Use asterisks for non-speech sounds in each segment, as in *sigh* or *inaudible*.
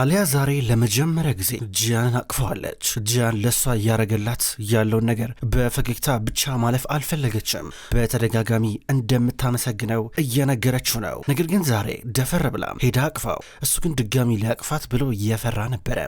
አሊያ ዛሬ ለመጀመሪያ ጊዜ ጂያንን አቅፈዋለች። ጂያን ለእሷ እያረገላት ያለውን ነገር በፈገግታ ብቻ ማለፍ አልፈለገችም። በተደጋጋሚ እንደምታመሰግነው እየነገረችው ነው። ነገር ግን ዛሬ ደፈር ብላ ሄዳ አቅፋው፣ እሱ ግን ድጋሚ ሊያቅፋት ብሎ እየፈራ ነበረ።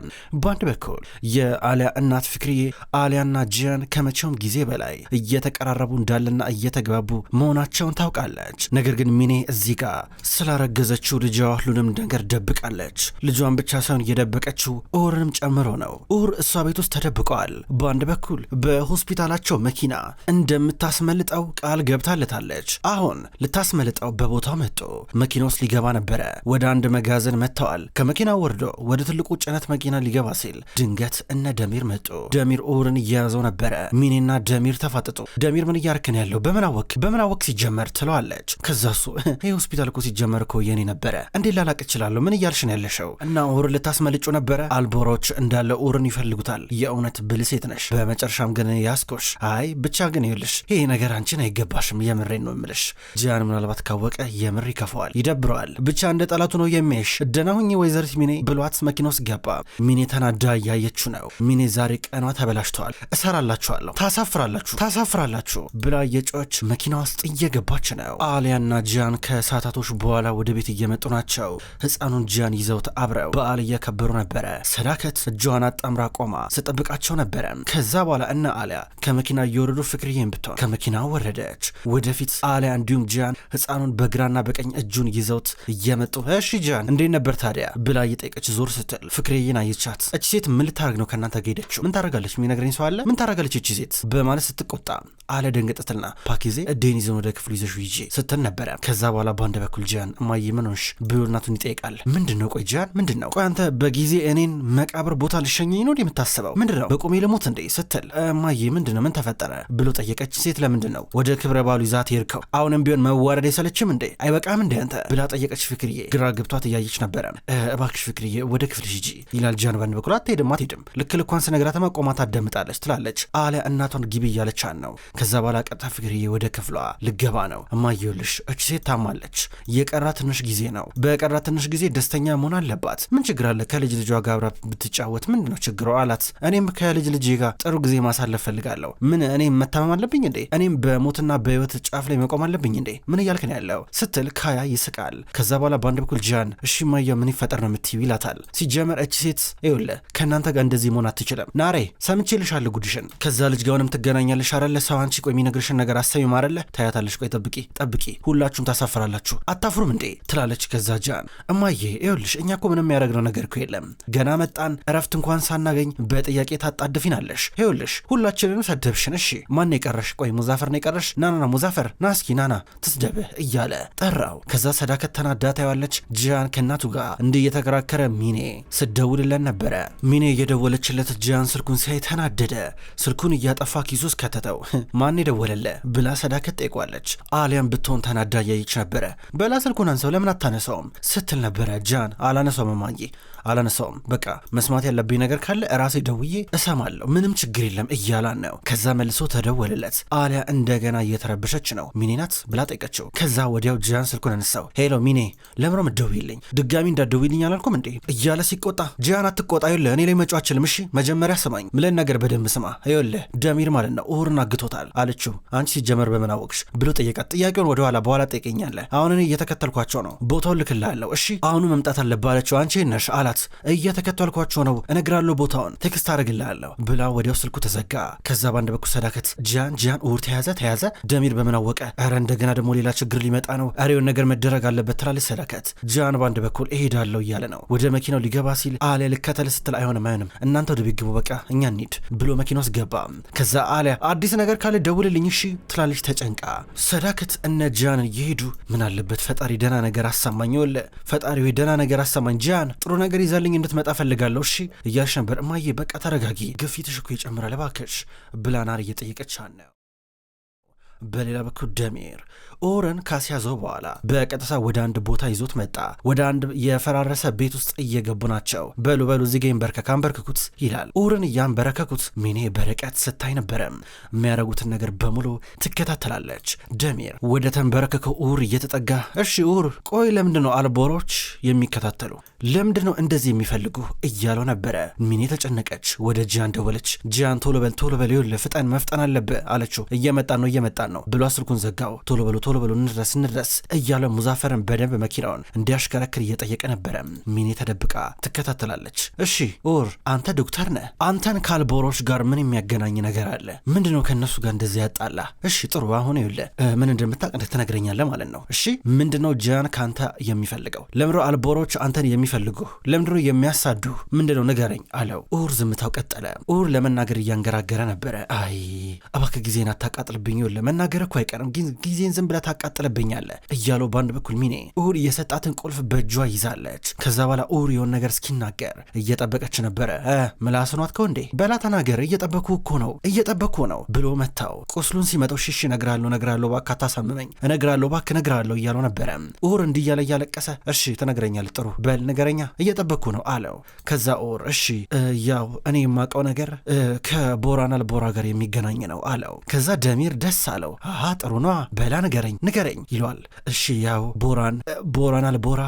በአንድ በኩል የአሊያ እናት ፍክርዬ አሊያና ጂያን ከመቼውም ጊዜ በላይ እየተቀራረቡ እንዳለና እየተግባቡ መሆናቸውን ታውቃለች። ነገር ግን ሚኔ እዚህ ጋር ስላረገዘችው ልጇ ሁሉንም ነገር ደብቃለች። ልጇን ብቻ ብቻ ሳይሆን እየደበቀችው ኦርንም ጨምሮ ነው። ኡር እሷ ቤት ውስጥ ተደብቀዋል። በአንድ በኩል በሆስፒታላቸው መኪና እንደምታስመልጠው ቃል ገብታለታለች። አሁን ልታስመልጠው በቦታው መጡ። መኪና ውስጥ ሊገባ ነበረ። ወደ አንድ መጋዘን መጥተዋል። ከመኪናው ወርዶ ወደ ትልቁ ጭነት መኪና ሊገባ ሲል ድንገት እነ ደሚር መጡ። ደሚር ኡርን እየያዘው ነበረ። ሚኔና ደሚር ተፋጠጡ። ደሚር ምን እያርክን ያለው በምናወክ በምናወክ ሲጀመር ትለዋለች። ከዛ እሱ ይህ ሆስፒታል እኮ ሲጀመር እኮ የኔ ነበረ እንዴ ላላቅ እችላለሁ ምን እያልሽን ያለሸው እና ኡር ልታስመልጩ ነበረ። አልቦሮች እንዳለ ኡርን ይፈልጉታል። የእውነት ብል ሴት ነሽ። በመጨረሻም ግን ያስኮሽ። አይ ብቻ ግን ይልሽ ይሄ ነገር አንቺን አይገባሽም። የምሬን ነው የምልሽ። ጂያን ምናልባት ካወቀ የምር ይከፋዋል፣ ይደብረዋል። ብቻ እንደ ጠላቱ ነው የሚያይሽ። ደህና ሁኚ ወይዘሪት ሚኔ ብሏት መኪና ውስጥ ገባ። ሚኔ ተናዳ እያየችው ነው። ሚኔ ዛሬ ቀኗ ተበላሽተዋል። እሰራላችኋለሁ፣ ታሳፍራላችሁ፣ ታሳፍራላችሁ ብላ የጮች መኪና ውስጥ እየገባች ነው። አሊያና ጂያን ከሰዓታቶች በኋላ ወደ ቤት እየመጡ ናቸው። ህፃኑን ጂያን ይዘውት አብረው በዓል እየከበሩ ነበረ። ሰዳከት እጇን አጣምራ ቆማ ስጠብቃቸው ነበረ። ከዛ በኋላ እነ አሊያ ከመኪና እየወረዱ ፍቅርዬን ብትሆን ከመኪና ወረደች። ወደፊት አሊያ እንዲሁም ጂያን ህፃኑን በግራና በቀኝ እጁን ይዘውት እየመጡ እሺ ጂያን እንዴት ነበር ታዲያ ብላ እየጠየቀች ዞር ስትል ፍቅርዬን አየቻት። እች ሴት ምን ልታደርግ ነው ከእናንተ ሄደችው? ምን ታደርጋለች? የሚነግረኝ ሰው አለ? ምን ታደርጋለች እች ሴት በማለት ስትቆጣ አለ ደንገጠትልና ፓኪዜ እዴን ይዘን ወደ ክፍሉ ይዘሹ ይጄ ስትል ነበረ። ከዛ በኋላ በአንድ በኩል ጂያን እማዬ ምን ሆንሽ ብሎ እናቱን ይጠይቃል። ምንድን ነው ቆይ ጂያን ምንድን ነው ቆይ አንተ በጊዜ እኔን መቃብር ቦታ ልሸኘኝ ነው የምታስበው? ምንድን ነው በቁሜ ልሞት እንዴ ስትል እማዬ ምንድን ነው ምን ተፈጠረ ብሎ ጠየቀች። ሴት ለምንድን ነው ወደ ክብረ ባሉ ይዛት ሄድከው? አሁንም ቢሆን መዋረድ የሰለችም እንዴ አይበቃም እንዴ አንተ ብላ ጠየቀች። ፍክርዬ ግራ ግብቷት እያየች ነበረ። እባክሽ ፍክርዬ ወደ ክፍልሽ ሂጂ ይላል ጃን። በአንድ በኩል አትሄድም አትሄድም ልክ ልኳን ስነግራትማ ቆማ ታዳምጣለች ትላለች። አሊያ እናቷን ግቢ እያለቻን ነው። ከዛ በኋላ ቀጥታ ፍክርዬ ወደ ክፍሏ ልገባ ነው። እማዬ ይኸውልሽ እች ሴት ታማለች። የቀራ ትንሽ ጊዜ ነው። በቀራ ትንሽ ጊዜ ደስተኛ መሆን አለባት። ምን ችግር አለ ከልጅ ልጇ ጋር አብራ ብትጫወት ምንድን ነው ችግሯ? አላት። እኔም ከልጅ ልጄ ጋር ጥሩ ጊዜ ማሳለፍ ፈልጋለሁ። ምን እኔም መታመም አለብኝ እንዴ? እኔም በሞትና በህይወት ጫፍ ላይ መቆም አለብኝ እንዴ? ምን እያልክ ነው ያለው ስትል ካያ ይስቃል። ከዛ በኋላ በአንድ በኩል ጃን እሺ ማያ ምን ይፈጠር ነው የምትይው ይላታል። ሲጀመር እች ሴት ይውለ ከእናንተ ጋር እንደዚህ መሆን አትችልም። ናሬ ሰምቼልሻለሁ ጉድሽን። ከዛ ልጅ ጋውንም ትገናኛለሽ አረለ ሰው አንቺ ቆይ የሚነግርሽን ነገር አሰሚም አይደለ? ታያታለሽ። ቆይ ጠብቂ ጠብቂ፣ ሁላችሁም ታሳፍራላችሁ። አታፍሩም እንዴ? ትላለች። ከዛ ጃን እማዬ ይውልሽ እኛ እኮ ምንም ያደረግ ያደረግነው ነገር እኮ የለም። ገና መጣን እረፍት እንኳን ሳናገኝ በጥያቄ ታጣድፊናለሽ። ይኸውልሽ ሁላችንን ሰደብሽን። እሺ ማን የቀረሽ? ቆይ ሙዛፈር ነው የቀረሽ? ናናና ሙዛፈር ናስኪ ናና ትስደብህ እያለ ጠራው። ከዛ ሰዳከት ተናዳ ታየዋለች። ጂያን ከእናቱ ጋር እንዲህ እየተከራከረ ሚኔ ስደውልለን ነበረ። ሚኔ እየደወለችለት ጂያን ስልኩን ሲያይ ተናደደ። ስልኩን እያጠፋ ኪሱ ውስጥ ከተተው። *laughs* ማን የደወለለ ብላ ሰዳከት ጠይቋለች። አሊያም ብትሆን ተናዳ እያየች ነበረ። በላ ስልኩን አንሰው ለምን አታነሳውም ስትል ነበረ። ጂያን አላነሳውም እማዬ деньги, አላነሳውም። በቃ መስማት ያለብኝ ነገር ካለ ራሴ ደውዬ እሰማለሁ፣ ምንም ችግር የለም እያላን ነው። ከዛ መልሶ ተደወለለት። አሊያ እንደገና እየተረበሸች ነው። ሚኔ ናት ብላ ጠይቀችው። ከዛ ወዲያው ጂያን ስልኩን አነሳው። ሄሎ ሚኔ፣ ለምሮ ምደውይልኝ ድጋሚ እንዳደውልኝ አላልኩም እንዴ እያለ ሲቆጣ፣ ጂያን አትቆጣ፣ ይኸውልህ እኔ ላይ መጮ አችልም። እሺ መጀመሪያ ስማኝ፣ ምለን ነገር በደንብ ስማ። ይኸውልህ ደሚር ማለት ነው እሁርን አግቶታል አለችው። አንቺ ሲጀመር በምን አወቅሽ ብሎ ጠየቃት። ጥያቄውን ወደኋላ በኋላ ጠይቀኛለ። አሁን እኔ እየተከተልኳቸው ነው፣ ቦታውን ልክልሃለሁ። እሺ አሁኑ መምጣት አለባለችው። አንቺ ነሽ አላ አላት። እየተከተልኳቸው ነው፣ እነግራለሁ ቦታውን፣ ቴክስት አደርግልሃለሁ ብላ ወዲያው ስልኩ ተዘጋ። ከዛ በአንድ በኩል ሰዳከት ጂያን ጂያን እውር ተያዘ ተያዘ ደሚር በምን አወቀ? ኧረ እንደገና ደግሞ ሌላ ችግር ሊመጣ ነው፣ ሬውን ነገር መደረግ አለበት ትላለች ሰዳከት። ጂያን በአንድ በኩል እሄዳለሁ እያለ ነው። ወደ መኪናው ሊገባ ሲል አሊያ ልከተል ስትል አይሆንም አይሆንም፣ እናንተ ወደ ቤት ግቡ፣ በቃ እኛ እንሂድ ብሎ መኪና ውስጥ ገባ። ከዛ አሊያ አዲስ ነገር ካለ ደውልልኝ እሺ ትላለች ተጨንቃ። ሰዳከት እነ ጂያንን እየሄዱ ምን አለበት ፈጣሪ ደና ነገር አሳማኝ ወለ ፈጣሪ ወይ ነገር አሳማኝ ጂያን ጥሩ ነገር ነገር ይዛልኝ እንድትመጣ ፈልጋለሁ እሺ እያልሽ ነበር። እማዬ በቃ ተረጋጊ፣ ግፊትሽ እኮ ይጨምራል እባክሽ ብላ ናር እየጠየቀች ነው። በሌላ በኩል ደሚር ኦረን ካስያዘው በኋላ በቀጥታ ወደ አንድ ቦታ ይዞት መጣ። ወደ አንድ የፈራረሰ ቤት ውስጥ እየገቡ ናቸው። በሉ በሉ እዚህ ጋር ይንበርከክ አንበርክኩት ይላል። ኦረን እያንበረከኩት ሚኔ በርቀት ስታይ ነበረ። የሚያደርጉትን ነገር በሙሉ ትከታተላለች። ደሚር ወደ ተንበረከከው ኡር እየተጠጋ እሺ ኡር፣ ቆይ ለምንድን ነው አልቦሮች የሚከታተሉ ለምንድን ነው እንደዚህ የሚፈልጉ እያለው ነበረ። ሚኔ ተጨነቀች። ወደ ጂያን ደወለች። ጂያን ቶሎ በል ቶሎ በል፣ ይኸውልህ ፍጠን፣ መፍጠን አለብህ አለችው። እየመጣን ነው እየመጣ ልንበላ ነው ብሎ ስልኩን ዘጋው። ቶሎ በሎ ቶሎ በሎ እንድረስ እንድረስ እያለ ሙዛፈርን በደንብ መኪናውን እንዲያሽከረክር እየጠየቀ ነበረ። ሚኔ ተደብቃ ትከታተላለች። እሺ ኡር አንተ ዶክተር ነህ። አንተን ካልቦሮች ጋር ምን የሚያገናኝ ነገር አለ? ምንድን ነው ከእነሱ ጋር እንደዚህ ያጣላ? እሺ ጥሩ፣ አሁን ይለ ምን እንደምታቅ ትነግረኛለህ ማለት ነው። እሺ ምንድን ነው ከአንተ የሚፈልገው? ለምድሮ አልቦሮች አንተን የሚፈልጉ ለምድሮ የሚያሳዱ ምንድን ነው ንገረኝ አለው። ኡር ዝምታው ቀጠለ። ኡር ለመናገር እያንገራገረ ነበረ። አይ እባክህ ጊዜን አታቃጥልብኝ ለመና መናገር እኮ አይቀርም፣ ጊዜን ዝም ብለህ ታቃጥልብኛለህ እያለው በአንድ በኩል ሚኔ ኡር የሰጣትን ቁልፍ በእጇ ይዛለች። ከዛ በኋላ ኡር የሆን ነገር እስኪናገር እየጠበቀች ነበረ። ምላስኗት ከው እንዴ በላ ተናገር፣ እየጠበኩ እኮ ነው እየጠበኩ ነው ብሎ መታው። ቁስሉን ሲመጠው ሽሽ እነግራለሁ እነግራለሁ፣ እባክህ አታሳምመኝ፣ እነግራለሁ እባክህ እነግራለሁ እያለው ነበረ። ኡር እንዲህ እያለ እያለቀሰ እሺ ትነግረኛለህ፣ ጥሩ በል ንገረኛ፣ እየጠበኩ ነው አለው። ከዛ ኡር እሺ ያው እኔ የማውቀው ነገር ከቦራና ልቦራ ጋር የሚገናኝ ነው አለው። ከዛ ደሚር ደስ አለው። አለው። አሀ ጥሩ ኗ በላ ንገረኝ ንገረኝ ይለዋል። እሺ ያው ቦራን ቦራን አልቦራ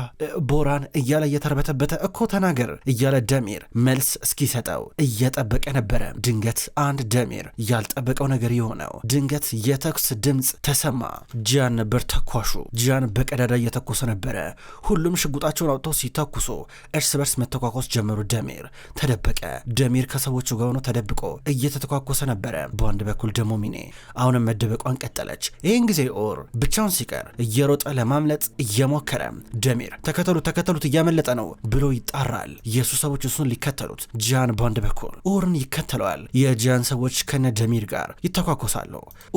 ቦራን እያለ እየተርበተበተ እኮ ተናገር እያለ ደሚር መልስ እስኪሰጠው እየጠበቀ ነበረ። ድንገት አንድ ደሚር ያልጠበቀው ነገር የሆነው ድንገት የተኩስ ድምፅ ተሰማ። ጂያን ነበር ተኳሹ። ጂያን በቀዳዳ እየተኮሰ ነበረ። ሁሉም ሽጉጣቸውን አውጥተው ሲተኩሱ እርስ በርስ መተኳኮስ ጀመሩ። ደሚር ተደበቀ። ደሚር ከሰዎቹ ጋር ሆኖ ተደብቆ እየተተኳኮሰ ነበረ። በአንድ በኩል ደግሞ ሚኔ አሁንም መደበቋን መሮጧን ቀጠለች። ይህን ጊዜ ኦር ብቻውን ሲቀር እየሮጠ ለማምለጥ እየሞከረ ደሚር ተከተሉ ተከተሉት እያመለጠ ነው ብሎ ይጣራል። የእሱ ሰዎች እሱን ሊከተሉት ጂያን በአንድ በኩል ኦርን ይከተለዋል። የጂያን ሰዎች ከነ ደሚር ጋር ይተኳኮሳሉ።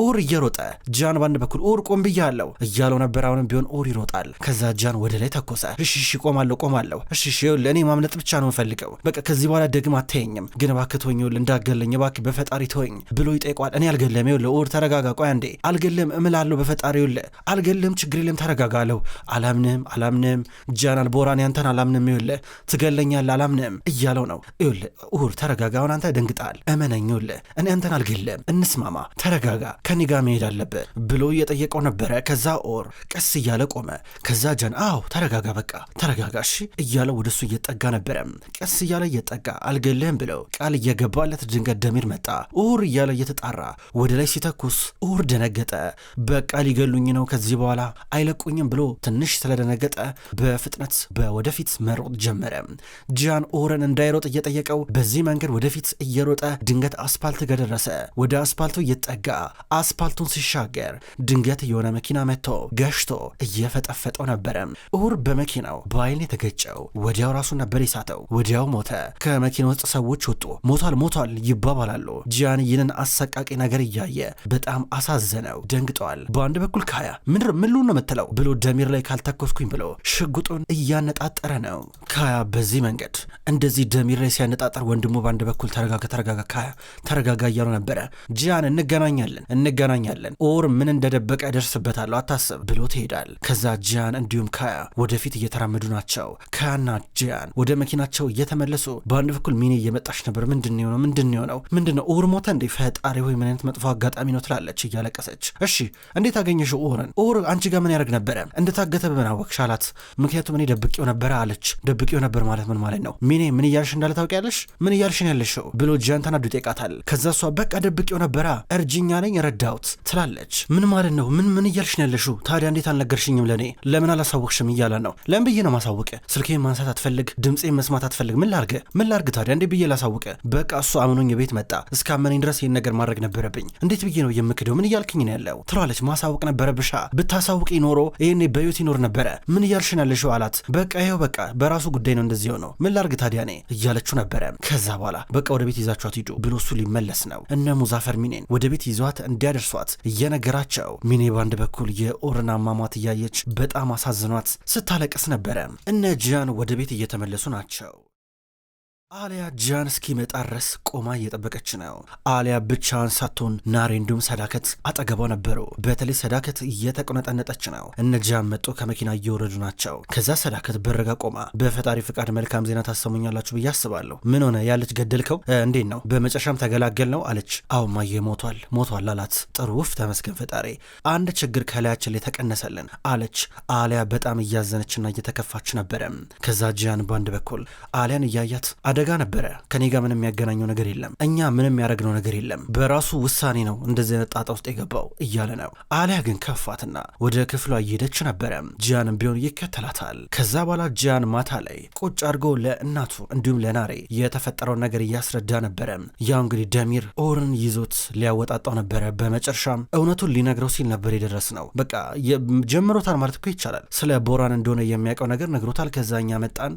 ኦር እየሮጠ ጂያን በአንድ በኩል ኦር ቆም ብያለው እያለው ነበር። አሁንም ቢሆን ኦር ይሮጣል። ከዛ ጂያን ወደ ላይ ተኮሰ። እሺሺ ቆማለሁ ቆማለሁ እሺሺ ለእኔ ማምለጥ ብቻ ነው ፈልገው። በቃ ከዚህ በኋላ ደግም አታየኝም፣ ግን እባክህ ተወኝ እንዳገለኝ እባክህ በፈጣሪ ተወኝ ብሎ ይጠይቋል። እኔ አልገለም ለ ኦር ተረጋጋ ቆይ እንዴ? አልገለም እምላለሁ በፈጣሪ ለ አልገለም፣ ችግር የለም ተረጋጋለሁ። አላምንም አላምንም፣ ጃናል ቦራን ያንተን አላምንም፣ ይለ ትገለኛል፣ አላምንም እያለው ነው። ይለ ሁር ተረጋጋውን፣ አንተ ደንግጣል፣ እመነኝ፣ ይለ እኔ አንተን አልገለም፣ እንስማማ፣ ተረጋጋ፣ ከኔ ጋር መሄድ አለብህ ብሎ እየጠየቀው ነበረ። ከዛ ኦር ቀስ እያለ ቆመ። ከዛ ጃን አዎ፣ ተረጋጋ፣ በቃ ተረጋጋ፣ እሺ እያለ ወደሱ እየጠጋ ነበረ። ቀስ እያለ እየጠጋ አልገለም ብለው ቃል እየገባለት ድንገት ደሚር መጣ። ኡር እያለ እየተጣራ ወደ ላይ ሲተኩስ ኡር ደነገጠ። በቃ ሊገሉኝ ነው ከዚህ በኋላ አይለቁኝም ብሎ ትንሽ ስለደነገጠ በፍጥነት በወደፊት መሮጥ ጀመረ። ጂያን ኦረን እንዳይሮጥ እየጠየቀው በዚህ መንገድ ወደፊት እየሮጠ ድንገት አስፓልት ጋር ደረሰ። ወደ አስፓልቱ እየጠጋ አስፓልቱን ሲሻገር ድንገት የሆነ መኪና መጥቶ ገሽቶ እየፈጠፈጠው ነበረ። ኡር በመኪናው በአይን የተገጨው ወዲያው ራሱ ነበር የሳተው። ወዲያው ሞተ። ከመኪና ውስጥ ሰዎች ወጡ። ሞቷል ሞቷል ይባባላሉ። ጂያን ይህንን አሰቃቂ ነገር እያየ በጣም አሳ አሳዘነው። ደንግጠዋል። በአንድ በኩል ካያ ምድር ምን ልሁን ነው የምትለው ብሎ ደሚር ላይ ካልተኮስኩኝ ብሎ ሽጉጡን እያነጣጠረ ነው። ካያ በዚህ መንገድ እንደዚህ ደሚር ላይ ሲያነጣጠር ወንድሙ በአንድ በኩል ተረጋጋ፣ ተረጋጋ፣ ካያ ተረጋጋ እያሉ ነበረ። ጂያን እንገናኛለን፣ እንገናኛለን ኦር ምን እንደደበቀ ደርስበታለሁ አታስብ ብሎ ትሄዳል። ከዛ ጂያን እንዲሁም ካያ ወደፊት እየተራመዱ ናቸው። ካያና ጂያን ወደ መኪናቸው እየተመለሱ በአንድ በኩል ሚኔ እየመጣች ነበር። ምንድን የሆነው ምንድን የሆነው ምንድን ነው ኦር ሞተ እንዴ? ፈጣሪ ሆይ ምን አይነት መጥፎ አጋጣሚ ነው ትላለች እያለ አለቀሰች። እሺ እንዴት አገኘሽው ኦርን? ኦር አንቺ ጋር ምን ያደርግ ነበረ? እንደታገተ በምን አወቅሽ አላት። ምክንያቱም እኔ ደብቄው ነበረ አለች። ደብቄው ነበር ማለት ምን ማለት ነው? ሚኔ ምን እያልሽ እንዳለ ታውቂያለሽ? ምን እያልሽ ነው ያለሽው ብሎ ጂያን ተናዱ ይጠይቃታል። ከዛ እሷ በቃ ደብቄው ነበራ እርጅኛ ነኝ ረዳሁት ትላለች። ምን ማለት ነው? ምን ምን እያልሽ ነው ያለሽው? ታዲያ እንዴት አልነገርሽኝም? ለእኔ ለምን አላሳወቅሽም እያለ ነው። ለምን ብዬ ነው ማሳወቅ? ስልኬን ማንሳት አትፈልግ፣ ድምፄን መስማት አትፈልግ። ምን ላርገ ምን ላርግ ታዲያ? እንዴ ብዬ ላሳውቀ? በቃ እሱ አምኖኝ ቤት መጣ። እስካመነኝ ድረስ ይህን ነገር ማድረግ ነበረብኝ። እንዴት ብዬ ነው የምክደው? ምን እያልክኝ ነው ያለው ትላለች። ማሳወቅ ብሻ ብታሳውቂ ኖሮ ይህኔ በሕይወት ይኖር ነበረ። ምን እያልሽን ያለሽው አላት። በቃ ይኸው በቃ በራሱ ጉዳይ ነው እንደዚህ ሆነው ምን ላርግ ታዲያ እኔ እያለችው ነበረ። ከዛ በኋላ በቃ ወደ ቤት ይዛችኋት ሂዱ ብሎ እሱ ሊመለስ ነው። እነ ሙዛፈር ሚኔን ወደ ቤት ይዟት እንዲያደርሷት እየነገራቸው ሚኔ በአንድ በኩል የኦርና አሟሟት እያየች በጣም አሳዝኗት ስታለቀስ ነበረ። እነ ጂያን ወደ ቤት እየተመለሱ ናቸው። አሊያ ጃን እስኪመጣ ድረስ ቆማ እየጠበቀች ነው። አሊያ ብቻዋን ሳትሆን ናሬ እንዲሁም ሰዳከት አጠገቧ ነበሩ። በተለይ ሰዳከት እየተቆነጠነጠች ነው። እነ ጃን መጡ፣ ከመኪና እየወረዱ ናቸው። ከዛ ሰዳከት በረጋ ቆማ በፈጣሪ ፍቃድ መልካም ዜና ታሰሙኛላችሁ ብዬ አስባለሁ። ምን ሆነ ያለች ገደልከው? እንዴት ነው በመጨረሻም ተገላገል ነው አለች። አሁ ማየ ሞቷል ሞቷል አላት። ጥሩ ውፍ ተመስገን ፈጣሪ፣ አንድ ችግር ከላያችን ላይ ተቀነሰልን አለች። አሊያ በጣም እያዘነችና እየተከፋች ነበረ። ከዛ ጃን በአንድ በኩል አሊያን እያያት አደ አደጋ ነበረ። ከኔ ጋር ምንም የሚያገናኘው ነገር የለም፣ እኛ ምንም ያደረግነው ነገር የለም፣ በራሱ ውሳኔ ነው እንደዚህ አይነት ጣጣ ውስጥ የገባው እያለ ነው። አሊያ ግን ከፋትና ወደ ክፍሏ እየሄደች ነበረ። ጂያንም ቢሆን ይከተላታል። ከዛ በኋላ ጂያን ማታ ላይ ቁጭ አድርጎ ለእናቱ እንዲሁም ለናሬ የተፈጠረውን ነገር እያስረዳ ነበረ። ያው እንግዲህ ደሚር ኦርን ይዞት ሊያወጣጣው ነበረ። በመጨረሻም እውነቱን ሊነግረው ሲል ነበር የደረስ ነው። በቃ ጀምሮታል ማለት እኮ ይቻላል። ስለ ቦራን እንደሆነ የሚያውቀው ነገር ነግሮታል። ከዛኛ መጣን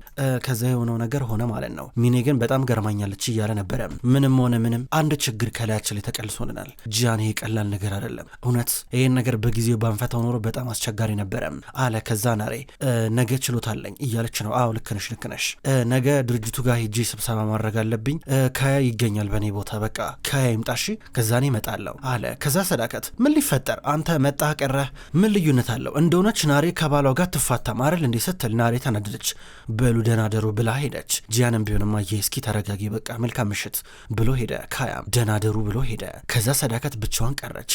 ከዛ የሆነው ነገር ሆነ ማለት ነው ሚኔ እኔ ግን በጣም ገርማኛለች እያለ ነበረ። ምንም ሆነ ምንም አንድ ችግር ከላያችን ላይ ተቀልሶልናል። ጂያን ይሄ ቀላል ነገር አይደለም። እውነት ይህን ነገር በጊዜው ባንፈታው ኖሮ በጣም አስቸጋሪ ነበረ አለ። ከዛ ናሬ ነገ ችሎታ አለኝ እያለች ነው። አዎ ልክ ነሽ፣ ልክ ነሽ። ነገ ድርጅቱ ጋር ሄጄ ስብሰባ ማድረግ አለብኝ። ከያ ይገኛል በእኔ ቦታ። በቃ ከያ ይምጣሽ፣ ከዛ እኔ እመጣለሁ አለ። ከዛ ሰዳከት ምን ሊፈጠር አንተ መጣ ቀረህ ምን ልዩነት አለው? እንደሆነች ናሬ ከባሏ ጋር ትፋታም አይደል እንዴ ስትል ናሬ ተናደደች። በሉ ደናደሩ ብላ ሄደች። ጂያንም ቢሆንም እማዬ እስኪ ተረጋጊ፣ በቃ መልካም ምሽት ብሎ ሄደ። ካያም ደናደሩ ብሎ ሄደ። ከዛ ሰዳከት ብቻዋን ቀረች።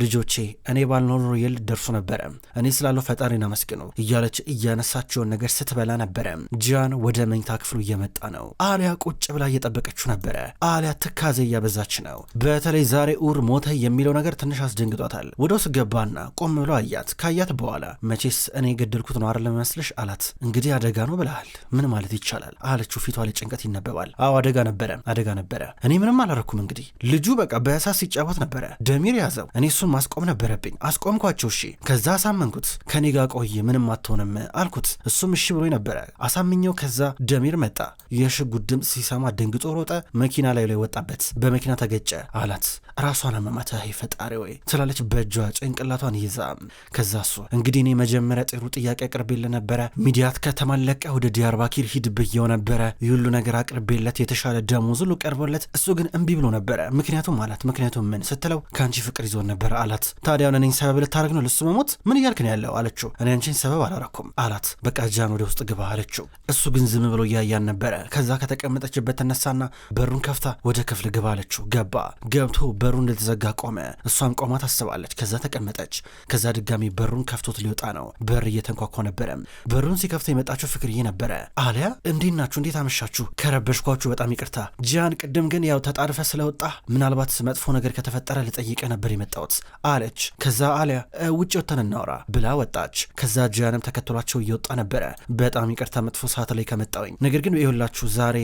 ልጆቼ እኔ ባልኖር ኖሮ የል ደርሶ ነበረ፣ እኔ ስላለው ፈጣሪን አመስግኑ እያለች እያነሳቸውን ነገር ስትበላ ነበረ። ጂያን ወደ መኝታ ክፍሉ እየመጣ ነው። አሊያ ቁጭ ብላ እየጠበቀችው ነበረ። አሊያ ትካዜ እያበዛች ነው። በተለይ ዛሬ ኡር ሞተ የሚለው ነገር ትንሽ አስደንግጧታል። ወደ ውስጥ ገባና ቆም ብሎ አያት። ካያት በኋላ መቼስ እኔ የገደልኩት ነው አይደል መስልሽ አላት። እንግዲህ አደጋ ነው ብለሃል፣ ምን ማለት ይቻላል አለችው ፊቷ ላይ ጭንቀት ይነበባል። አዎ አደጋ ነበረ፣ አደጋ ነበረ። እኔ ምንም አላረኩም። እንግዲህ ልጁ በቃ በእሳት ሲጫወት ነበረ። ደሚር ያዘው። እኔ እሱን ማስቆም ነበረብኝ። አስቆምኳቸው። እሺ፣ ከዛ አሳመንኩት። ከኔ ጋር ቆይ፣ ምንም አትሆንም አልኩት። እሱም እሺ ብሎ ነበረ። አሳምኘው። ከዛ ደሚር መጣ። የሽጉጥ ድምፅ ሲሰማ ደንግጦ ሮጠ። መኪና ላይ ላይ ወጣበት። በመኪና ተገጨ አላት። ራሷን አመማት። ይ ፈጣሪ ወይ ትላለች በእጇ ጭንቅላቷን ይዛ። ከዛ እሱ እንግዲህ እኔ መጀመሪያ ጥሩ ጥያቄ አቅርቤልህ ነበረ። ሚዲያት ከተማለቀ ወደ ዲያርባኪር ሂድ ብየው ነበረ ይሁሉ ነገር አቅርቤለት የተሻለ ደሞዝ ሁሉ ቀርቦለት እሱ ግን እምቢ ብሎ ነበረ። ምክንያቱም አላት ምክንያቱም ምን ስትለው ከአንቺ ፍቅር ይዞን ነበረ አላት። ታዲያ እኔን ሰበብ ልታደርግ ነው ለሱ መሞት ምን እያልክ ነው ያለው አለችው። እኔ አንቺን ሰበብ አላረኩም አላት። በቃ ጃን ወደ ውስጥ ግባ አለችው። እሱ ግን ዝም ብሎ እያያን ነበረ። ከዛ ከተቀመጠችበት ተነሳና በሩን ከፍታ ወደ ክፍል ግባ አለችው። ገባ። ገብቶ በሩ እንደተዘጋ ቆመ። እሷም ቆማ ታስባለች። ከዛ ተቀመጠች። ከዛ ድጋሚ በሩን ከፍቶት ሊወጣ ነው። በር እየተንኳኳ ነበረ። በሩን ሲከፍተ የመጣችው ፍቅርዬ ነበረ። አሊያ እንዴት ናችሁ? እንዴት አመሻችሁ? ከረበሽኳችሁ በጣም ይቅርታ ጂያን። ቅድም ግን ያው ተጣድፈ ስለወጣ ምናልባት መጥፎ ነገር ከተፈጠረ ልጠይቀ ነበር የመጣሁት አለች። ከዛ አሊያ ውጭ ወተን እናውራ ብላ ወጣች። ከዛ ጂያንም ተከትሏቸው እየወጣ ነበረ። በጣም ይቅርታ መጥፎ ሰዓት ላይ ከመጣውኝ፣ ነገር ግን ይሁላችሁ ዛሬ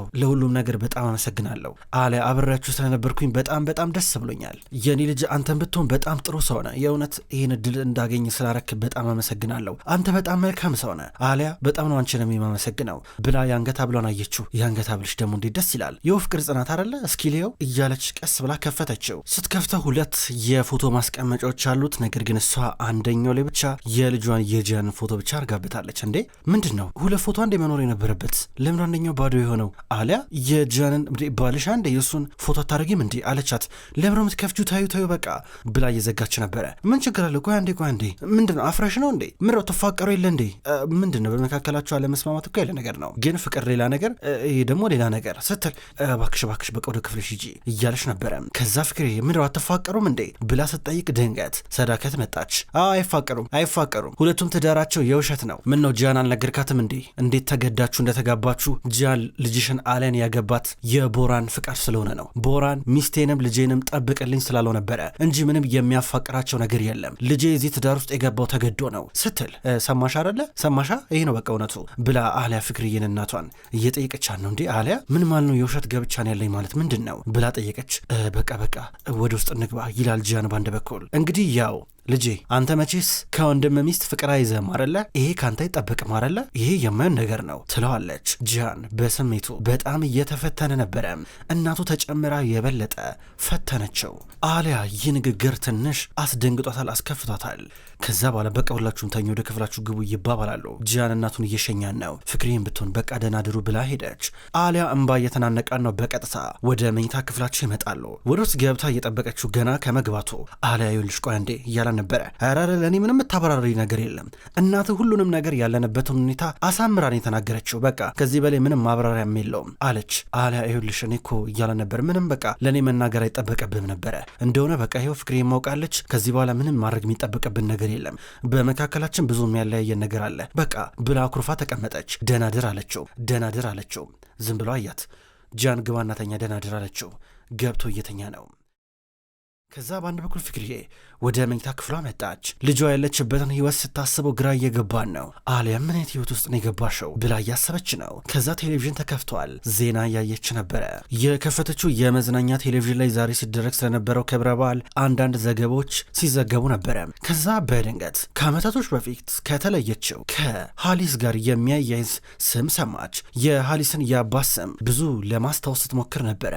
ው ለሁሉም ነገር በጣም አመሰግናለሁ። አሊያ አብሬያችሁ ስለነበርኩኝ በጣም በጣም ደስ ብሎኛል። የኔ ልጅ አንተን ብትሆን በጣም ጥሩ ሰው ነህ። የእውነት ይህን እድል እንዳገኝ ስላረክ በጣም አመሰግናለሁ። አንተ በጣም መልካም ሰው ነህ። አሊያ በጣም ነው አንቺንም የማመሰግነው ብላ የአንገታ ብሎን አየች ከፈተችው። የአንገት ሐብልሽ ደግሞ እንዴት ደስ ይላል! የወፍ ቅርጽ ናት አደለ? እስኪ እያለች ቀስ ብላ ከፈተችው። ስትከፍተው ሁለት የፎቶ ማስቀመጫዎች አሉት። ነገር ግን እሷ አንደኛው ላይ ብቻ የልጇን የጂያንን ፎቶ ብቻ አርጋበታለች። እንዴ ምንድን ነው ሁለት ፎቶ አንዴ መኖር የነበረበት ለምን አንደኛው ባዶ የሆነው? አሊያ የጂያንን ባልሽ አንዴ የእሱን ፎቶ አታደርጊም እንዴ አለቻት። ለምረው የምትከፍጂው? ታዩ ታዩ በቃ ብላ እየዘጋች ነበረ። ምን ችግር አለ? ቆይ አንዴ ቆይ አንዴ ምንድን ነው አፍራሽ ነው እንዴ? ምረው ተፋቀሩ የለ እንዴ? ምንድን ነው በመካከላቸው አለመስማማት እኮ ያለ ነገር ነው። ግን ፍቅር ሌላ ነገር ይሄ ደግሞ ሌላ ነገር ስትል ባክሽ ባክሽ በቃ ክፍልሽ ሂጂ እያለች ነበረ። ከዛ ፍቅሬ ምንድነው አትፋቀሩም እንዴ ብላ ስትጠይቅ ድንገት ሰዳከት መጣች። አይፋቀሩም አይፋቀሩም፣ ሁለቱም ትዳራቸው የውሸት ነው። ምን ነው ጃን አልነገርካትም እንዴ? እንዴት ተገዳችሁ እንደተጋባችሁ? ጃን ልጅሽን አለን ያገባት የቦራን ፍቃድ ስለሆነ ነው። ቦራን ሚስቴንም ልጄንም ጠብቅልኝ ስላለው ነበረ እንጂ ምንም የሚያፋቅራቸው ነገር የለም። ልጄ የዚህ ትዳር ውስጥ የገባው ተገዶ ነው ስትል ሰማሻ አደለ ሰማሻ፣ ይሄ ነው በቃ እውነቱ ብላ አህሊያ ፍቅርዬን እናቷን እየጠየቅ እየጠየቀቻት ነው እንዴ አሊያ ምን ማለት ነው የውሸት ገብቻን ያለኝ ማለት ምንድን ነው ብላ ጠየቀች። በቃ በቃ ወደ ውስጥ ንግባ ይላል ጃን ባንድ በኩል እንግዲህ ያው ልጄ አንተ መቼስ ከወንድም ሚስት ፍቅር አይዘህም አደለ? ይሄ ካንተ አይጠበቅም አደለ? ይሄ የማይሆን ነገር ነው ትለዋለች። ጂያን በስሜቱ በጣም እየተፈተነ ነበረ። እናቱ ተጨምራ የበለጠ ፈተነችው። አሊያ ይህ ንግግር ትንሽ አስደንግጧታል፣ አስከፍቷታል። ከዛ በኋላ በቃ ሁላችሁም ተኙ፣ ወደ ክፍላችሁ ግቡ ይባባላሉ። ጂያን እናቱን እየሸኛን ነው። ፍቅሬን ብትሆን በቃ ደህና ድሩ ብላ ሄደች። አሊያ እምባ እየተናነቃን ነው። በቀጥታ ወደ መኝታ ክፍላቸው ይመጣሉ። ወደ ውስጥ ገብታ እየጠበቀችው ገና ከመግባቱ አሊያ ይኸውልሽ ቆይ አንዴ ነበረ። ኧረ ለእኔ ምንም የምታብራሪ ነገር የለም። እናትህ ሁሉንም ነገር ያለንበትን ሁኔታ አሳምራን የተናገረችው። በቃ ከዚህ በላይ ምንም ማብራሪያም የለውም አለች። አሊያ ይኸውልሽ እኔ እኮ እያለ ነበር። ምንም በቃ ለእኔ መናገር አይጠበቀብም ነበረ እንደሆነ በቃ ይኸው ፍቅሬ ማውቃለች። ከዚህ በኋላ ምንም ማድረግ የሚጠበቅብን ነገር የለም። በመካከላችን ብዙ የሚያለያየን ነገር አለ በቃ ብላ አኩርፋ ተቀመጠች። ደናድር አለችው። ደናድር አለችው። ዝም ብሎ አያት። ጃን ግባና ተኛ፣ ደናድር አለችው። ገብቶ እየተኛ ነው። ከዛ በአንድ በኩል ፍቅርዬ ወደ መኝታ ክፍሏ መጣች። ልጇ ያለችበትን ህይወት ስታስበው ግራ እየገባን ነው። አሊያም ምን አይነት ህይወት ውስጥ ነው የገባሸው ብላ እያሰበች ነው። ከዛ ቴሌቪዥን ተከፍቷል። ዜና እያየች ነበረ። የከፈተችው የመዝናኛ ቴሌቪዥን ላይ ዛሬ ሲደረግ ስለነበረው ክብረ በዓል አንዳንድ ዘገባዎች ሲዘገቡ ነበረ። ከዛ በድንገት ከአመታቶች በፊት ከተለየችው ከሃሊስ ጋር የሚያያይዝ ስም ሰማች። የሃሊስን የአባት ስም ብዙ ለማስታወስ ስትሞክር ነበረ።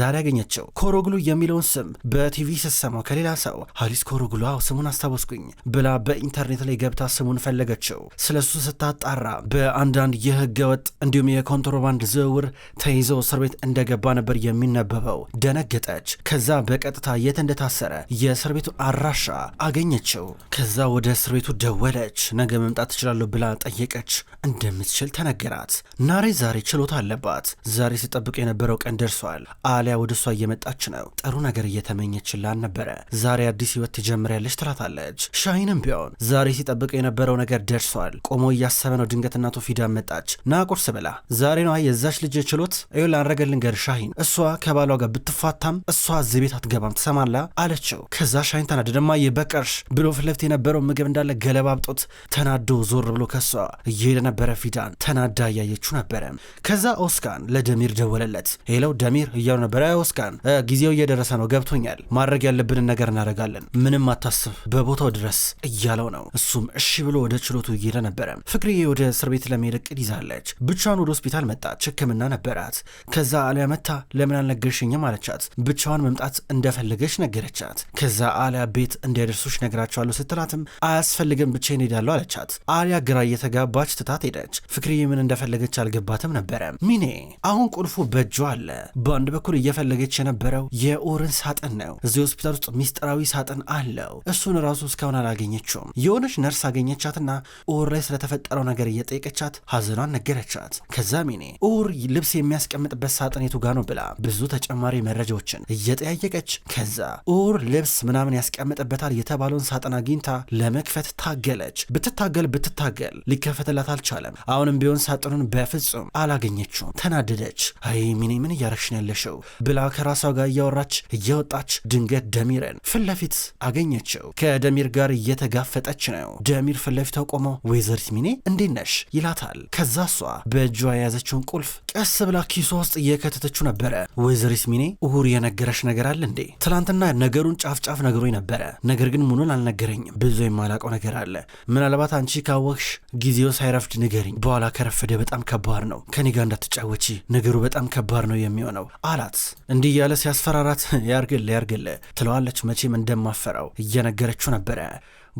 ዛሬ ያገኘችው ኮሮግሉ የሚለውን ስም በቲቪ ስትሰማው ከሌላ ሰው ሃሊስ ስኮርጉሏ ስሙን አስታወስኩኝ ብላ በኢንተርኔት ላይ ገብታ ስሙን ፈለገችው። ስለሱ ስታጣራ በአንዳንድ የህገ ወጥ እንዲሁም የኮንትሮባንድ ዝውውር ተይዞ እስር ቤት እንደገባ ነበር የሚነበበው። ደነገጠች። ከዛ በቀጥታ የት እንደታሰረ የእስር ቤቱ አድራሻ አገኘችው። ከዛ ወደ እስር ቤቱ ደወለች። ነገ መምጣት ትችላለሁ ብላ ጠየቀች። እንደምትችል ተነገራት። ናሬ ዛሬ ችሎታ አለባት። ዛሬ ስጠብቅ የነበረው ቀን ደርሷል። አሊያ ወደ እሷ እየመጣች ነው። ጥሩ ነገር እየተመኘችላን ነበረ። ዛሬ አዲስ ህይወት ህይወት ትጀምሪያለሽ ትላታለች። ሻይንም ቢሆን ዛሬ ሲጠብቅ የነበረው ነገር ደርሷል። ቆሞ እያሰበ ነው። ድንገት እናቱ ፊዳ መጣች። ና ቁርስ ብላ ዛሬ ነው የዛች ልጅ ችሎት እዩ ላንረገልን ገር ሻይን፣ እሷ ከባሏ ጋር ብትፋታም እሷ እዚህ ቤት አትገባም ትሰማላ አለችው። ከዛ ሻሂን ተናደደማ የበቀርሽ ብሎ ፊት ለፊት የነበረው ምግብ እንዳለ ገለባብጦት ተናዶ ዞር ብሎ ከሷ እየሄደ ነበረ። ፊዳን ተናዳ እያየችው ነበረ። ከዛ ኦስካን ለደሚር ደወለለት። ሄለው ደሚር እያሉ ነበረ። ኦስካን ጊዜው እየደረሰ ነው ገብቶኛል። ማድረግ ያለብንን ነገር እናደርጋለን ምንም አታስብ በቦታው ድረስ እያለው ነው። እሱም እሺ ብሎ ወደ ችሎቱ እየሄደ ነበረ። ፍቅርዬ ወደ እስር ቤት ለመሄድ እቅድ ይዛለች። ብቻዋን ወደ ሆስፒታል መጣች። ሕክምና ነበራት። ከዛ አሊያ መታ ለምን አልነገርሽኝም አለቻት። ብቻዋን መምጣት እንደፈለገች ነገረቻት። ከዛ አሊያ ቤት እንዳይደርሱሽ ነግራቸዋለሁ ስትላትም አያስፈልግም ብቻ እንሄዳለሁ አለቻት። አሊያ ግራ እየተጋባች ትታት ሄደች። ፍቅርዬ ምን እንደፈለገች አልገባትም ነበረ። ሚኔ አሁን ቁልፉ በእጇ አለ። በአንድ በኩል እየፈለገች የነበረው የኦርን ሳጥን ነው። እዚህ ሆስፒታል ውስጥ ሚስጥራዊ ሳጥን አለው። እሱን ራሱ እስካሁን አላገኘችውም። የሆነች ነርስ አገኘቻትና ኡሁር ላይ ስለተፈጠረው ነገር እየጠየቀቻት ሀዘኗን ነገረቻት። ከዛ ሚኔ ኡሁር ልብስ የሚያስቀምጥበት ሳጥን የቱ ጋ ነው ብላ ብዙ ተጨማሪ መረጃዎችን እየጠያየቀች ከዛ ኡሁር ልብስ ምናምን ያስቀምጥበታል የተባለውን ሳጥን አግኝታ ለመክፈት ታገለች። ብትታገል ብትታገል ሊከፈትላት አልቻለም። አሁንም ቢሆን ሳጥኑን በፍጹም አላገኘችውም። ተናደደች። አይ ሚኔ ምን እያረግሽ ነው ያለሽው ብላ ከራሷ ጋር እያወራች እየወጣች ድንገት ደሚረን ፊት ለፊት አገኘችው። ከደሚር ጋር እየተጋፈጠች ነው። ደሚር ፊት ለፊቷ ቆሞ ወይዘሪት ሚኔ እንዴት ነሽ ይላታል። ከዛ እሷ በእጇ የያዘችውን ቁልፍ ቀስ ብላ ኪሶ ውስጥ እየከተተችው ነበረ። ወይዘሪት ሚኔ እሁር የነገረሽ ነገር አለ እንዴ? ትናንትና ነገሩን ጫፍ ጫፍ ነግሮኝ ነበረ፣ ነገር ግን ሙኑን አልነገረኝም። ብዙ የማላቀው ነገር አለ። ምናልባት አንቺ ካወቅሽ ጊዜው ሳይረፍድ ንገርኝ። በኋላ ከረፈደ በጣም ከባድ ነው። ከኔ ጋር እንዳትጫወቺ፣ ነገሩ በጣም ከባድ ነው የሚሆነው አላት። እንዲህ እያለ ሲያስፈራራት ያርግል ያርግል ትለዋለች። መቼም እንደማፈራው እየነገረችው ነበረ።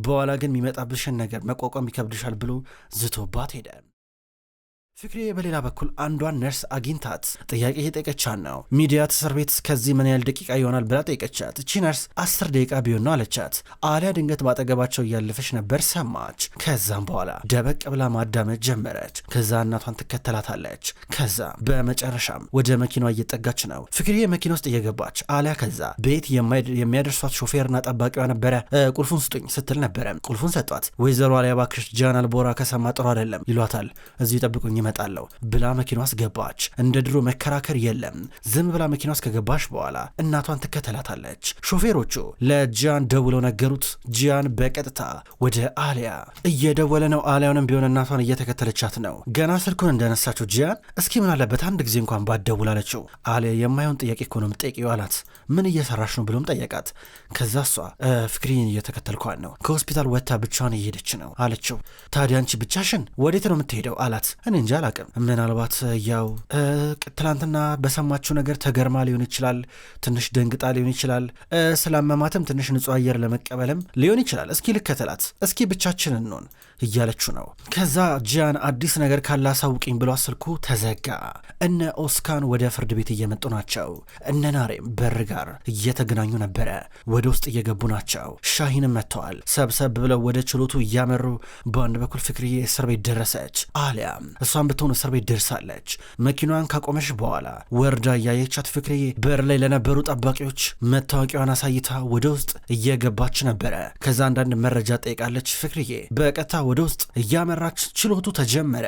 በኋላ ግን የሚመጣብሽን ነገር መቋቋም ይከብድሻል ብሎ ዝቶባት ሄደ። ፍክሬ በሌላ በኩል አንዷን ነርስ አግኝታት ጥያቄ የጠየቀቻት ነው። ሚዲያት እስር ቤት ከዚህ ምን ያህል ደቂቃ ይሆናል ብላ ጠየቀቻት። እቺ ነርስ አስር ደቂቃ ቢሆን ነው አለቻት። አሊያ ድንገት ባጠገባቸው እያለፈች ነበር ሰማች። ከዛም በኋላ ደበቅ ብላ ማዳመጥ ጀመረች። ከዛ እናቷን ትከተላታለች። ከዛ በመጨረሻም ወደ መኪናዋ እየጠጋች ነው። ፍክሬ መኪና ውስጥ እየገባች አሊያ ከዛ ቤት የሚያደርሷት ሾፌርና ጠባቂዋ ነበረ። ቁልፉን ስጡኝ ስትል ነበረ። ቁልፉን ሰጧት። ወይዘሮ አሊያ ባክሽ ጃናል ቦራ ከሰማ ጥሩ አይደለም ይሏታል። እዚሁ ጠብቁኝ እመጣለሁ ብላ መኪና ውስጥ ገባች። እንደ ድሮ መከራከር የለም። ዝም ብላ መኪና ውስጥ ከገባች በኋላ እናቷን ትከተላታለች። ሾፌሮቹ ለጂያን ደውለው ነገሩት። ጂያን በቀጥታ ወደ አሊያ እየደወለ ነው። አሊያውንም ቢሆን እናቷን እየተከተለቻት ነው። ገና ስልኩን እንደነሳችው ጂያን እስኪ ምን አለበት አንድ ጊዜ እንኳን ባደውል አለችው። አሊያ የማይሆን ጥያቄ እኮ ነው የምትጠይቂው አላት። ምን እየሰራች ነው ብሎም ጠየቃት። ከዛ እሷ ፍክሪን እየተከተልኳት ነው ከሆስፒታል ወጥታ ብቻዋን እየሄደች ነው አለችው። ታዲያ አንቺ ብቻሽን ወዴት ነው የምትሄደው አላት። እኔ እንጃ አላቅም። ምናልባት ያው ትላንትና በሰማችው ነገር ተገርማ ሊሆን ይችላል። ትንሽ ደንግጣ ሊሆን ይችላል። ስላመማትም ትንሽ ንጹህ አየር ለመቀበልም ሊሆን ይችላል። እስኪ ልከተላት፣ እስኪ ብቻችን እንሆን እያለችው ነው። ከዛ ጂያን አዲስ ነገር ካላሳውቅኝ ብሎ ስልኩ ተዘጋ። እነ ኦስካን ወደ ፍርድ ቤት እየመጡ ናቸው። እነ ናሬም በር ጋር እየተገናኙ ነበረ። ወደ ውስጥ እየገቡ ናቸው። ሻሂንም መጥተዋል። ሰብሰብ ብለው ወደ ችሎቱ እያመሩ በአንድ በኩል ፍክርዬ እስር ቤት ደረሰች። አሊያም እሷም እሷን ብትሆን እስር ቤት ደርሳለች። መኪናዋን ካቆመች በኋላ ወርዳ እያየቻት ፍቅሬ በር ላይ ለነበሩ ጠባቂዎች መታወቂያዋን አሳይታ ወደ ውስጥ እየገባች ነበረ። ከዛ አንዳንድ መረጃ ጠይቃለች። ፍቅርዬ በቀጥታ ወደ ውስጥ እያመራች ችሎቱ ተጀመረ።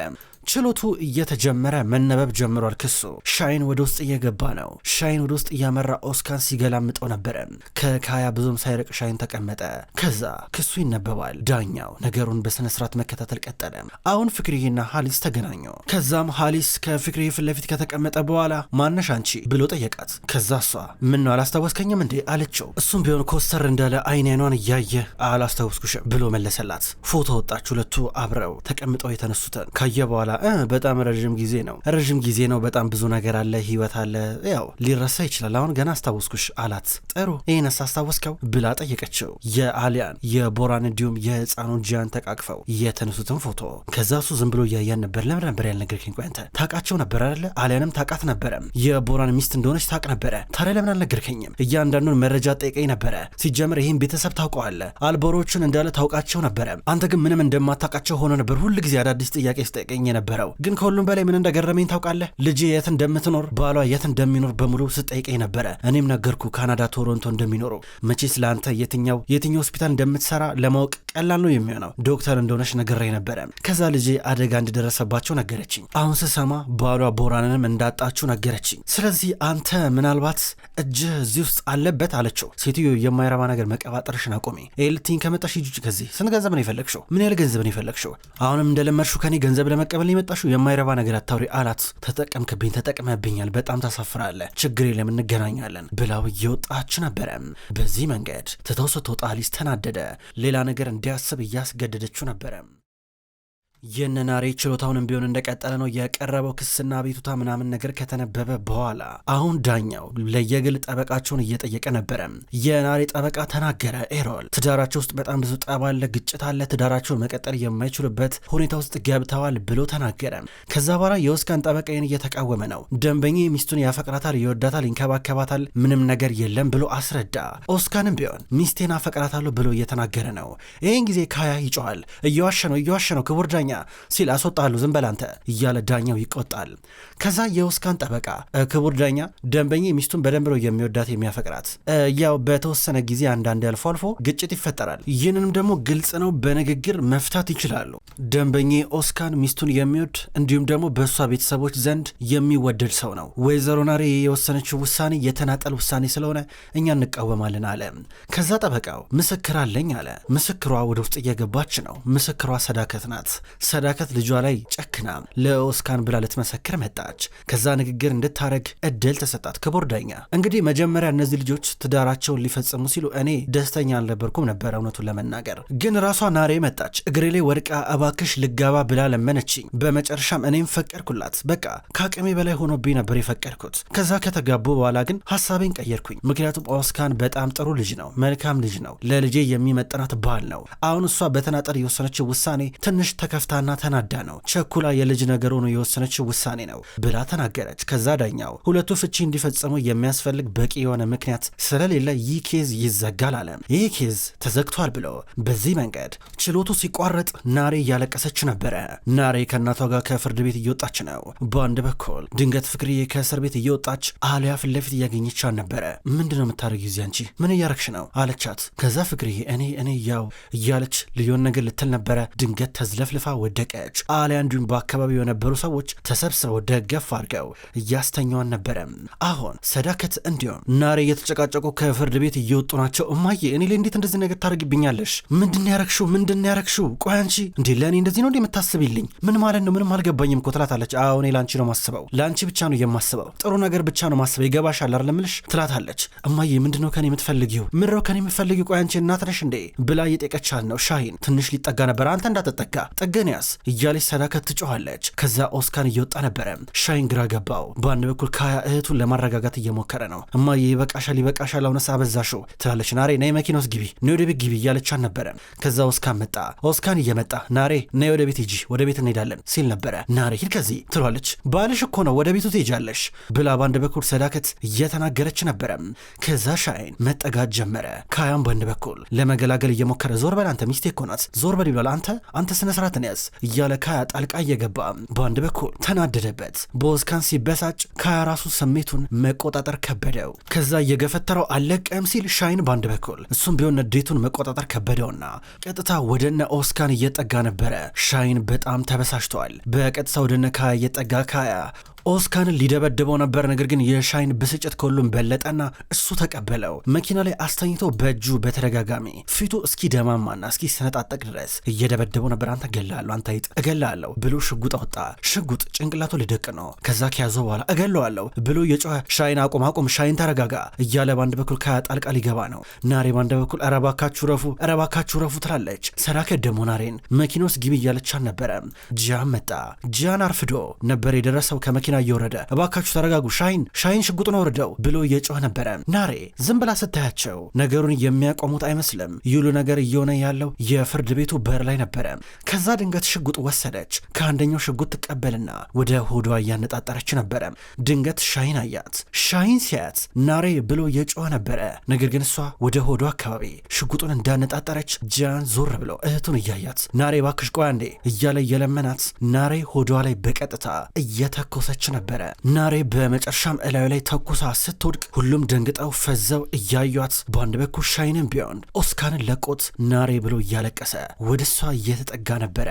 ችሎቱ እየተጀመረ መነበብ ጀምሯል። ክሱ ሻይን ወደ ውስጥ እየገባ ነው። ሻይን ወደ ውስጥ እያመራ ኦስካን ሲገላምጠው ነበረ። ከካያ ብዙም ሳይርቅ ሻይን ተቀመጠ። ከዛ ክሱ ይነበባል። ዳኛው ነገሩን በስነስርዓት መከታተል ቀጠለ። አሁን ፍክሪና ሀሊስ ተገናኙ። ከዛም ሀሊስ ከፍክሪ ፊት ለፊት ከተቀመጠ በኋላ ማነሽ አንቺ ብሎ ጠየቃት። ከዛ እሷ ምን ነው አላስታወስከኝም እንዴ አለችው። እሱም ቢሆን ኮስተር እንዳለ አይን አይኗን እያየ አላስታወስኩሽም ብሎ መለሰላት። ፎቶ ወጣች። ሁለቱ አብረው ተቀምጠው የተነሱትን ካየ በኋላ በጣም ረዥም ጊዜ ነው፣ ረዥም ጊዜ ነው። በጣም ብዙ ነገር አለ፣ ህይወት አለ። ያው ሊረሳ ይችላል። አሁን ገና አስታወስኩሽ አላት። ጥሩ ይህንስ አስታወስከው ብላ ጠየቀችው። የአሊያን የቦራን እንዲሁም የህፃኑን ጂያን ተቃቅፈው የተነሱትን ፎቶ። ከዛ እሱ ዝም ብሎ እያያን ነበር። ለምን ነበር ያልነገርከኝ? ቆይ አንተ ታውቃቸው ነበር አለ አሊያንም ታውቃት ነበረ፣ የቦራን ሚስት እንደሆነች ታውቅ ነበረ። ታዲያ ለምን አልነገርከኝም? እያንዳንዱን መረጃ ጠይቀኝ ነበረ። ሲጀምር ይህን ቤተሰብ ታውቀዋለ አልቦሮቹን እንዳለ ታውቃቸው ነበረ። አንተ ግን ምንም እንደማታውቃቸው ሆኖ ነበር ጊዜ አዳዲስ ጥያቄ ስጠይቀኝ ነበር የነበረው። ግን ከሁሉም በላይ ምን እንደገረመኝ ታውቃለህ? ልጅ የት እንደምትኖር ባሏ የት እንደሚኖር በሙሉ ስጠይቀኝ ነበረ። እኔም ነገርኩ ካናዳ ቶሮንቶ እንደሚኖረው። መቼስ ለአንተ የትኛው የትኛው ሆስፒታል እንደምትሰራ ለማወቅ ቀላል ነው የሚሆነው። ዶክተር እንደሆነች ነግሬ ነበረ። ከዛ ልጄ አደጋ እንደደረሰባቸው ነገረችኝ። አሁን ስሰማ ባሏ ቦራንንም እንዳጣችው ነገረችኝ። ስለዚህ አንተ ምናልባት እጅህ እዚህ ውስጥ አለበት አለችው። ሴትዮ የማይረባ ነገር መቀባጠርሽን አቁሚ። ኤልቲን ከመጣሽ ሂጂ ውጪ ከዚህ። ስንት ገንዘብ ነው የፈለግሽው? ምን ያህል ገንዘብ ነው የፈለግሽው? አሁንም እንደለመድሹ ከኔ ገንዘብ ለመቀበል ነው የመጣሹ? የማይረባ ነገር አታውሪ አላት። ተጠቀምክብኝ፣ ተጠቅመብኛል። በጣም ታሳፍራለህ። ችግር የለም እንገናኛለን ብላው እየወጣች ነበረ። በዚህ መንገድ ትተው ስትወጣ ተናደደ። ሌላ ነገር እንዲያስብ እያስገደደችው ነበረ። የነናሬ ችሎታውንም ቢሆን እንደቀጠለ ነው። የቀረበው ክስና ቤቱታ ምናምን ነገር ከተነበበ በኋላ አሁን ዳኛው ለየግል ጠበቃቸውን እየጠየቀ ነበረ። የናሬ ጠበቃ ተናገረ። ኤሮል ትዳራቸው ውስጥ በጣም ብዙ ጠባለ፣ ግጭት አለ፣ ትዳራቸውን መቀጠል የማይችሉበት ሁኔታ ውስጥ ገብተዋል ብሎ ተናገረ። ከዛ በኋላ የኦስካን ጠበቃዬን እየተቃወመ ነው። ደንበኛ ሚስቱን ያፈቅራታል፣ ይወዳታል፣ ይንከባከባታል፣ ምንም ነገር የለም ብሎ አስረዳ። ኦስካንም ቢሆን ሚስቴን አፈቅራታለሁ ብሎ እየተናገረ ነው። ይህን ጊዜ ካያ ይጮኋል። እየዋሸ ነው፣ እየዋሸ ነው ክቡር ዳኛ ዳኛ ሲል አስወጣሉ ዝም በል አንተ እያለ ዳኛው ይቆጣል። ከዛ የውስካን ጠበቃ ክቡር ዳኛ ደንበኛ ሚስቱን በደንብ ነው የሚወዳት የሚያፈቅራት፣ ያው በተወሰነ ጊዜ አንዳንድ አልፎ አልፎ ግጭት ይፈጠራል። ይህንንም ደግሞ ግልጽ ነው በንግግር መፍታት ይችላሉ። ደንበኛ ኦስካን ሚስቱን የሚወድ እንዲሁም ደግሞ በእሷ ቤተሰቦች ዘንድ የሚወደድ ሰው ነው። ወይዘሮ ናሬ የወሰነችው ውሳኔ የተናጠል ውሳኔ ስለሆነ እኛ እንቃወማለን አለ። ከዛ ጠበቃው ምስክር አለኝ አለ። ምስክሯ ወደ ውስጥ እየገባች ነው። ምስክሯ ሰዳከት ናት። ሰዳከት ልጇ ላይ ጨክና ለኦስካን ብላ ልትመሰክር መጣች። ከዛ ንግግር እንድታረግ እድል ተሰጣት ክቡር ዳኛ። እንግዲህ መጀመሪያ እነዚህ ልጆች ትዳራቸውን ሊፈጽሙ ሲሉ እኔ ደስተኛ አልነበርኩም ነበር እውነቱን ለመናገር ግን ራሷ ናሬ መጣች። እግሬ ላይ ወድቃ እባክሽ ልጋባ ብላ ለመነችኝ። በመጨረሻም እኔም ፈቀድኩላት። በቃ ከአቅሜ በላይ ሆኖብኝ ነበር የፈቀድኩት። ከዛ ከተጋቡ በኋላ ግን ሀሳቤን ቀየርኩኝ። ምክንያቱም ኦስካን በጣም ጥሩ ልጅ ነው፣ መልካም ልጅ ነው፣ ለልጄ የሚመጥናት ባል ነው። አሁን እሷ በተናጠር የወሰነችው ውሳኔ ትንሽ ተከፍ ተገፍታና ተናዳ ነው ቸኩላ የልጅ ነገር ሆኖ የወሰነችው ውሳኔ ነው ብላ ተናገረች። ከዛ ዳኛው ሁለቱ ፍቺ እንዲፈጸሙ የሚያስፈልግ በቂ የሆነ ምክንያት ስለሌለ ይህ ኬዝ ይዘጋል አለ። ይህ ኬዝ ተዘግቷል ብሎ በዚህ መንገድ ችሎቱ ሲቋረጥ ናሬ እያለቀሰች ነበረ። ናሬ ከእናቷ ጋር ከፍርድ ቤት እየወጣች ነው። በአንድ በኩል ድንገት ፍቅርዬ ከእስር ቤት እየወጣች አሊያ ፊት ለፊት እያገኘቻት ነበረ። ምንድነው ነው የምታደርጊው? እዚህ አንቺ ምን እያረግሽ ነው አለቻት። ከዛ ፍቅርዬ እኔ እኔ ያው እያለች ልዩን ነገር ልትል ነበረ። ድንገት ተዝለፍልፋ ወደቀች። አሊያ እንዲሁም በአካባቢው የነበሩ ሰዎች ተሰብስበው ደገፍ አድርገው እያስተኛዋን ነበረ። አሁን ሰዳከት እንዲሁም ናሬ እየተጨቃጨቁ ከፍርድ ቤት እየወጡ ናቸው። እማዬ እኔ ላይ እንዴት እንደዚህ ነገር ታደርግብኛለሽ? ምንድን ያረግሹ? ምንድን ያረግሹ? ቆይ አንቺ እንዴ ለእኔ እንደዚህ ነው እንዴ የምታስብልኝ? ምን ማለት ነው? ምንም አልገባኝም እኮ ትላታለች። አዎ እኔ ለአንቺ ነው ማስበው፣ ለአንቺ ብቻ ነው የማስበው፣ ጥሩ ነገር ብቻ ነው ማስበው። ይገባሻል አይደለምልሽ? ትላታለች። እማዬ ምንድን ነው ከኔ የምትፈልጊው? ምድረው ከኔ የምትፈልጊው? ቆይ አንቺ እናት ነሽ እንዴ ብላ እየጠየቀቻት ነው። ሻሂን ትንሽ ሊጠጋ ነበር። አንተ እንዳትጠጋ ጥግን ታንያስ እያለች ሰዳከት ትጮኋለች። ከዛ ኦስካን እየወጣ ነበረ። ሻይን ግራ ገባው። በአንድ በኩል ካያ እህቱን ለማረጋጋት እየሞከረ ነው። እማዬ ይበቃሻል፣ ይበቃሻል አሁንስ አበዛሽው ትላለች። ናሬ ነይ መኪና ውስጥ ግቢ፣ ነይ ወደ ቤት ግቢ እያለቻን ነበረ። ከዛ ኦስካን መጣ። ኦስካን እየመጣ ናሬ ነይ ወደ ቤት ሂጂ፣ ወደ ቤት እንሄዳለን ሲል ነበረ። ናሬ ሂድ ከዚህ ትሏለች። ባልሽ እኮ ነው ወደ ቤቱ ትሄጃለሽ ብላ በአንድ በኩል ሰዳከት እየተናገረች ነበረ። ከዛ ሻይን መጠጋት ጀመረ። ካያም በአንድ በኩል ለመገላገል እየሞከረ ዞር በል አንተ ሚስቴ እኮ ናት ዞር በል ይሏል። አንተ አንተ ስነ ስርዓትን ያዝ ድረስ እያለ ካያ ጣልቃ እየገባ በአንድ በኩል ተናደደበት፣ በወዝካን ሲበሳጭ ካያ ራሱ ስሜቱን መቆጣጠር ከበደው። ከዛ እየገፈተረው አለቀም ሲል ሻይን በአንድ በኩል እሱም ቢሆን ንዴቱን መቆጣጠር ከበደውና ቀጥታ ወደነ ኦስካን እየጠጋ ነበረ። ሻይን በጣም ተበሳጭቷል። በቀጥታ ወደነ ካያ እየጠጋ ካያ ኦስካን ሊደበድበው ነበር። ነገር ግን የሻይን ብስጭት ከሁሉም በለጠና እሱ ተቀበለው። መኪና ላይ አስተኝቶ በእጁ በተደጋጋሚ ፊቱ እስኪ ደማማና እስኪ ሰነጣጠቅ ድረስ እየደበደበው ነበር። አንተ እገላለሁ፣ አንተ ይጥ እገላለሁ ብሎ ሽጉጥ አወጣ። ሽጉጥ ጭንቅላቱ ሊደቅ ነው። ከዛ ከያዞ በኋላ እገለዋለሁ ብሎ የጮኸ ሻይን አቁም፣ አቁም፣ ሻይን ተረጋጋ እያለ በአንድ በኩል ከያ ጣልቃ ሊገባ ነው። ናሬ በአንድ በኩል ኧረ ረፉ፣ ኧረ ረፉ ትላለች። ሰራከ ደሞ ናሬን መኪና ውስጥ ግቢ እያለች አልነበረም። ጂያን መጣ። ጂያን አርፍዶ ነበር የደረሰው ከመኪና እየወረደ እባካችሁ ተረጋጉ፣ ሻይን ሻይን ሽጉጡን ወርደው ብሎ እየጮኸ ነበረ። ናሬ ዝም ብላ ስታያቸው ነገሩን የሚያቆሙት አይመስልም። ይሉ ነገር እየሆነ ያለው የፍርድ ቤቱ በር ላይ ነበረ። ከዛ ድንገት ሽጉጥ ወሰደች። ከአንደኛው ሽጉጥ ትቀበልና ወደ ሆዷ እያነጣጠረች ነበረ። ድንገት ሻይን አያት። ሻይን ሲያት ናሬ ብሎ እየጮኸ ነበረ። ነገር ግን እሷ ወደ ሆዷ አካባቢ ሽጉጡን እንዳነጣጠረች ጃን ዞር ብሎ እህቱን እያያት ናሬ ባክሽ ቆይ አንዴ እያለ የለመናት ናሬ ሆዷ ላይ በቀጥታ እየተኮሰች እየጮኸች ነበረ። ናሬ በመጨረሻም እላዩ ላይ ተኩሳ ስትወድቅ ሁሉም ደንግጠው ፈዘው እያዩት፣ በአንድ በኩል ሻይንም ቢሆን ኦስካንን ለቆት ናሬ ብሎ እያለቀሰ ወደ እሷ እየተጠጋ ነበረ።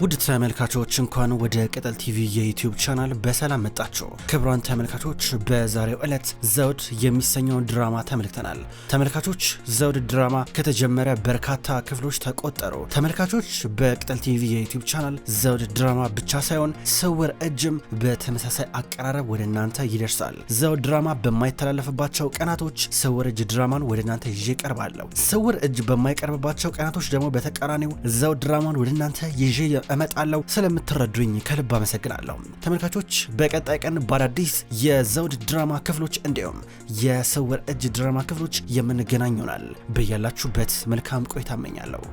ውድ ተመልካቾች እንኳን ወደ ቅጠል ቲቪ የዩቲዩብ ቻናል በሰላም መጣችሁ። ክቡራን ተመልካቾች በዛሬው ዕለት ዘውድ የሚሰኘውን ድራማ ተመልክተናል። ተመልካቾች ዘውድ ድራማ ከተጀመረ በርካታ ክፍሎች ተቆጠሩ። ተመልካቾች በቅጠል ቲቪ የዩቲዩብ ቻናል ዘውድ ድራማ ብቻ ሳይሆን ስውር እጅም በተመሳሳይ አቀራረብ ወደ እናንተ ይደርሳል። ዘውድ ድራማ በማይተላለፍባቸው ቀናቶች ስውር እጅ ድራማን ወደ እናንተ ይዤ ቀርባለሁ። ስውር እጅ በማይቀርብባቸው ቀናቶች ደግሞ በተቃራኒው ዘውድ ድራማን ወደ እናንተ ይዤ እመጣለሁ። ስለምትረዱኝ ከልብ አመሰግናለሁ። ተመልካቾች በቀጣይ ቀን በአዳዲስ የዘውድ ድራማ ክፍሎች እንዲሁም የስውር እጅ ድራማ ክፍሎች የምንገናኝ ይሆናል። በያላችሁበት መልካም ቆይታ እመኛለሁ።